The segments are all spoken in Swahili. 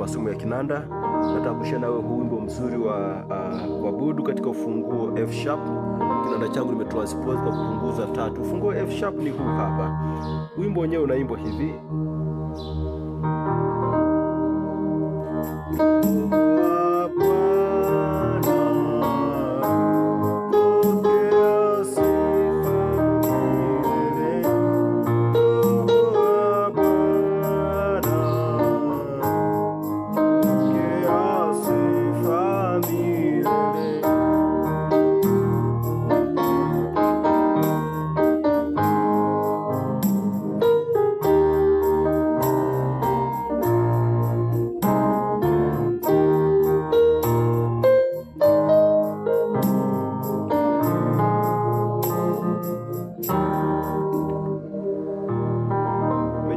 masomo ya kinanda. Nataka kushia nawe huu wimbo mzuri wa uh, kuabudu katika ufunguo F sharp. Kinanda changu nimetranspose kwa kupunguza tatu. Ufunguo F sharp ni huu hapa. Wimbo wenyewe unaimbwa hivi.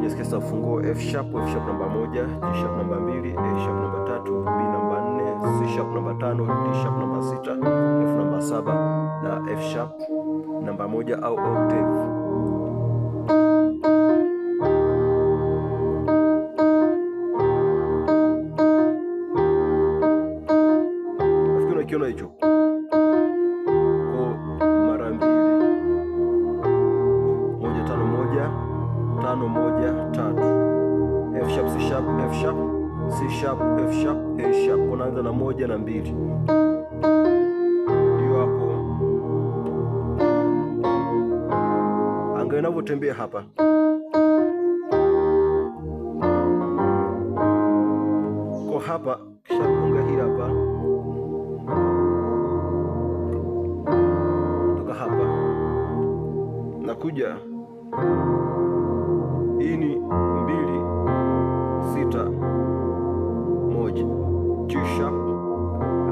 Jazikesta ufunguo F sharp, F sharp namba moja, G sharp namba mbili, A sharp namba tatu, B namba nne, C sharp namba tano, D sharp namba sita, F namba saba na F sharp namba moja au octave. tano moja tatu F sharp C sharp F sharp C sharp F sharp A sharp. Unaanza na moja na mbili, ndio hapo. Angalia inavyotembea hapa, kwa hapa kisha kunga hii hapa, toka hapa nakuja ini mbili sita moja G sharp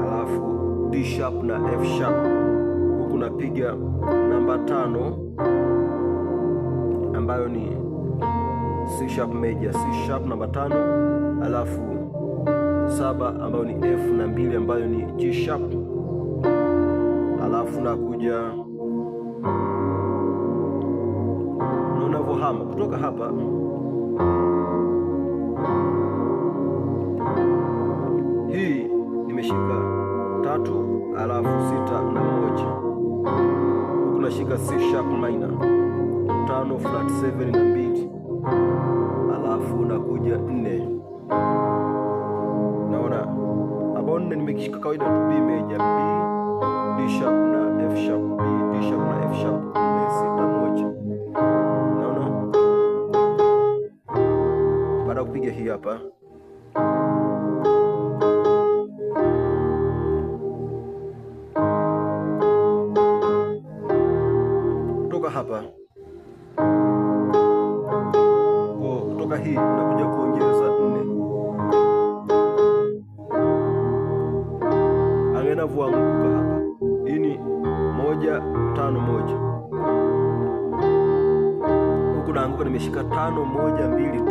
alafu D sharp na F sharp, huku napiga namba tano ambayo ni C sharp major, C sharp namba tano alafu saba ambayo ni F na mbili ambayo ni G sharp alafu nakuja unapohama kutoka hapa hii nimeshika tatu, alafu sita na moja, huku nashika C sharp minor tano flat 7 na mbili, alafu nakuja nne. Naona ambao nne nimekishika kawaida tu, B major B D sharp na F sharp, B D sharp na F sharp Piga hii hapa. Kutoka hapa kutoka hii nakuja kuongeza nne. vua navyoanguka hapa, hii ni moja tano moja, huku naanguka nimeshika tano moja mbili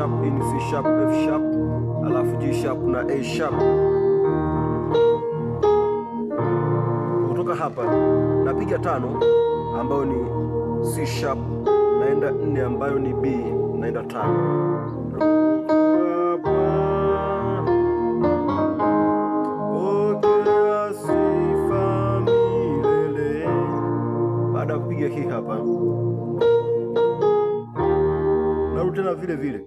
sharp, in ni C sharp, F sharp, alafu G sharp na A sharp. Kutoka hapa napiga tano ambayo ni C sharp, naenda nne ambayo ni B, naenda tano tunarudi tena vile vile.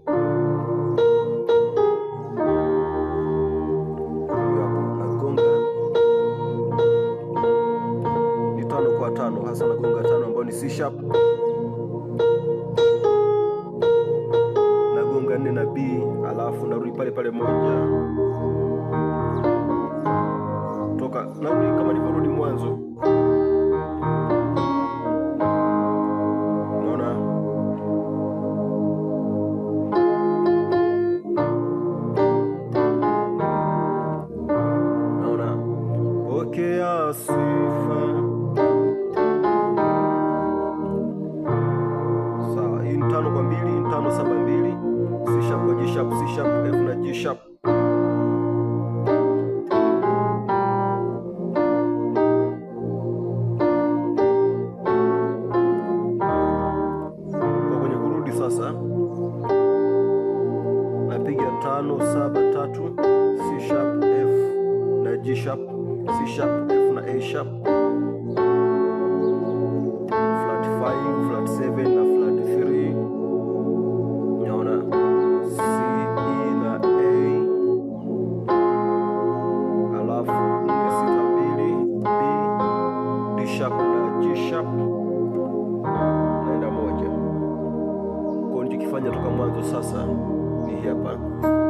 Ni tano kwa tano, hasa nagonga tano ambayo ni C sharp, nagonga nne na B, alafu narudi pale pale moja toka, narudi kama nilivyorudi mwanzo. sharp, C sharp, F na G sharp. Kwa kwenye kurudi sasa, napiga tano saba tatu, C sharp, F na G sharp, C sharp, F na A sharp G sharp naenda moja. Kwa hiyo nichokifanya toka mwanzo sasa ni hapa